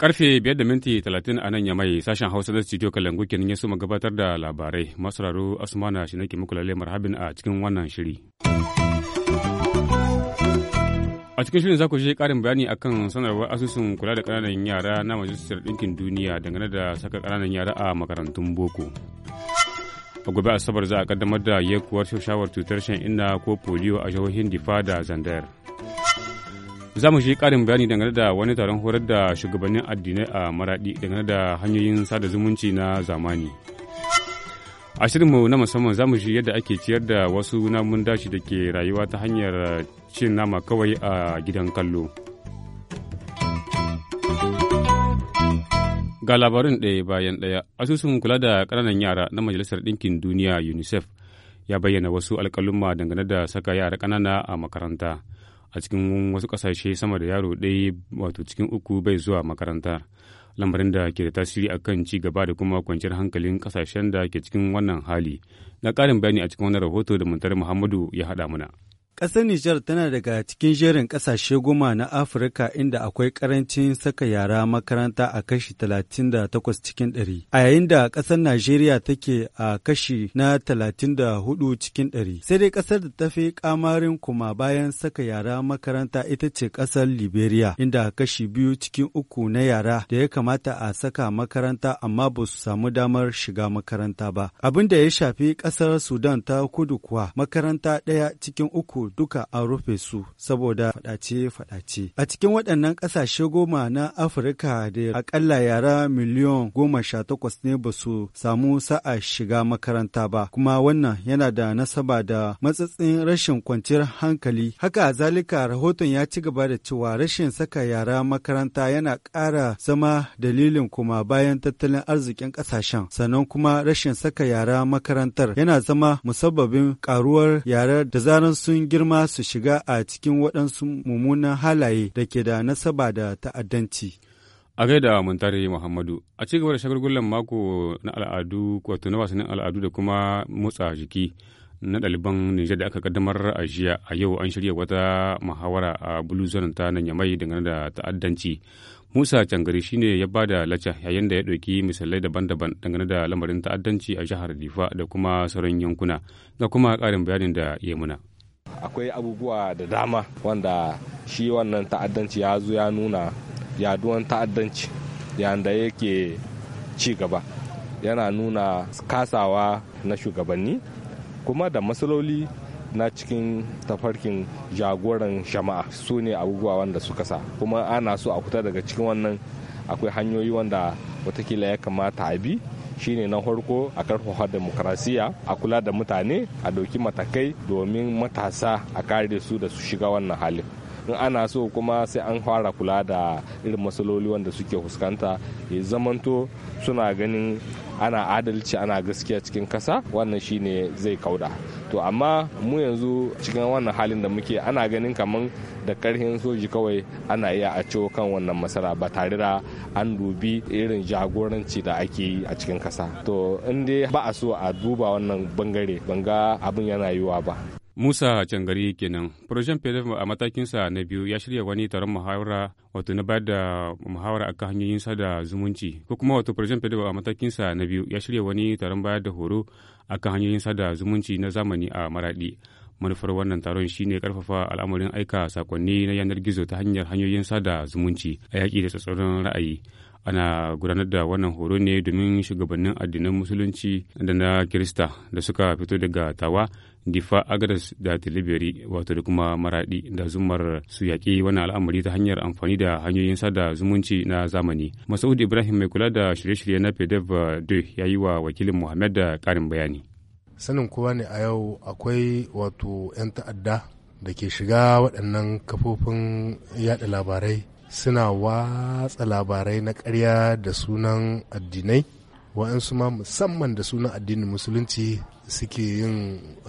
Karfe biyar da minti talatin a nan ya mai sashen Hausa da studio Kalangu kenan ya suma gabatar da labarai. Masararo Asmana shi nake muku lalle marhabin a cikin wannan shiri. A cikin shirin za ku je ƙarin bayani akan sanarwar asusun kula da ƙananan yara na Majalisar Ɗinkin Duniya dangane da saka ƙananan yara a makarantun boko. A gobe Asabar za a kaddamar da yakuwar shawar cutar shan inna ko polio a jihohin Difa da Zandayar. Za mu shi karin bayani dangane da wani taron horar da shugabannin addinai a Maraɗi dangane da hanyoyin sada zumunci na zamani. a shirinmu na musamman za mu ji yadda ake ciyar da wasu namun dashi da ke rayuwa ta hanyar cin nama kawai a gidan kallo ga labarin ɗaya bayan ɗaya asusun kula da ƙananan yara na majalisar ɗinkin duniya unicef ya bayyana wasu alkaluma dangane da saka yara ƙanana a makaranta a cikin wasu ƙasashe sama da yaro ɗaya wato cikin uku bai zuwa makaranta lamarin da ke da tasiri akan ci gaba da kuma kwanciyar hankalin kasashen da ke cikin wannan hali na ƙarin bayani a cikin wannan rahoto da muntar muhammadu ya haɗa mana. Ƙasar Nijar tana daga cikin jerin ƙasashe goma na Afirka inda akwai ƙarancin saka yara makaranta a kashi 38 cikin 100, a yayin da ƙasar Najeriya take a kashi na 34 cikin 100. Sai dai ƙasar da ta fi ƙamarin kuma bayan saka yara makaranta ita ce ƙasar Liberia, inda kashi biyu cikin uku na yara da ya kamata a saka makaranta amma ba su samu damar shiga makaranta ba. Abin da ya shafi ƙasar Sudan ta kudu kuwa makaranta ɗaya cikin uku uku duka an rufe su saboda faɗace-faɗace. A cikin waɗannan ƙasashe goma na Afirka da akalla yara miliyon goma sha takwas ne ba su samu sa'a shiga makaranta ba, kuma wannan yana da nasaba da matsatsin rashin kwanciyar hankali. Haka zalika rahoton ya ci gaba da cewa rashin saka yara makaranta yana ƙara zama dalilin kuma bayan tattalin arzikin ƙasashen, sannan kuma rashin saka yara makarantar yana zama musabbabin ƙaruwar yara da zaran sun girma su shiga a cikin waɗansu mummunan halaye da ke da nasaba da ta'addanci. A gaida Muntari Muhammadu, a ci gaba da shagulgullan mako na al'adu, wato na wasannin al'adu da kuma motsa jiki na ɗaliban Nijar da aka kaddamar a jiya a yau an shirya wata muhawara a Buluzonin ta nan yamai dangane da ta'addanci. Musa Cangari shine ya ba da lacca yayin da ya ɗauki misalai daban-daban dangane da lamarin ta'addanci a jihar Difa da kuma sauran yankuna ga kuma ƙarin bayanin da yemuna. akwai abubuwa da dama wanda shi wannan ta'addanci ya zo ya nuna yaduwan ta'addanci yanda yake ci gaba yana nuna kasawa na shugabanni kuma da matsaloli na cikin tafarkin jagoran jama'a su ne abubuwa wanda suka sa kuma ana so a kuta daga cikin wannan akwai hanyoyi wanda watakila ya kamata a bi shine na farko a karfafa demokrasiya a kula da mutane a ɗauki matakai domin matasa a kare su da su shiga wannan halin in ana so kuma sai an fara kula da irin matsaloli wanda suke fuskanta ya zamanto suna ganin ana adalci ana gaskiya cikin kasa wannan shine zai kauda to amma mu yanzu cikin wannan halin da muke ana ganin kaman da karhin soji kawai ana iya a ciwo kan wannan masara ba tare da an dubi irin jagoranci da ake yi a cikin kasa to in dai ba a so a duba wannan bangare banga abin yana yiwuwa ba Musa Cangari kenan. Projen PDF a matakinsa na biyu ya shirya wani taron muhawara wato na bayar da muhawara akan hanyoyin sada zumunci ko kuma wato Projen PDF a matakinsa na biyu ya shirya wani taron bayar da horo akan hanyoyin sada zumunci na zamani a Maradi. Manufar wannan taron shine karfafa al'amarin aika sakonni na yanar gizo ta hanyar hanyoyin sada zumunci a yaƙi da tsatsauran ra'ayi. ana gudanar da wannan horo ne domin shugabannin addinan musulunci da na kirista da suka fito daga tawa difa agres da tilibiri wato da kuma maradi da zumar su yaƙi wani al'amari ta hanyar amfani da hanyoyin sada zumunci na zamani masaud ibrahim mai kula da shirye-shirye na pdf da ya yi wa wakilin muhammad da ƙarin bayani sanin kowa ne a yau akwai wato 'yan ta'adda da ke shiga waɗannan kafofin yada labarai suna watsa labarai na ƙarya da sunan addinai wa'ansu ma musamman da sunan addinin musulunci suke yin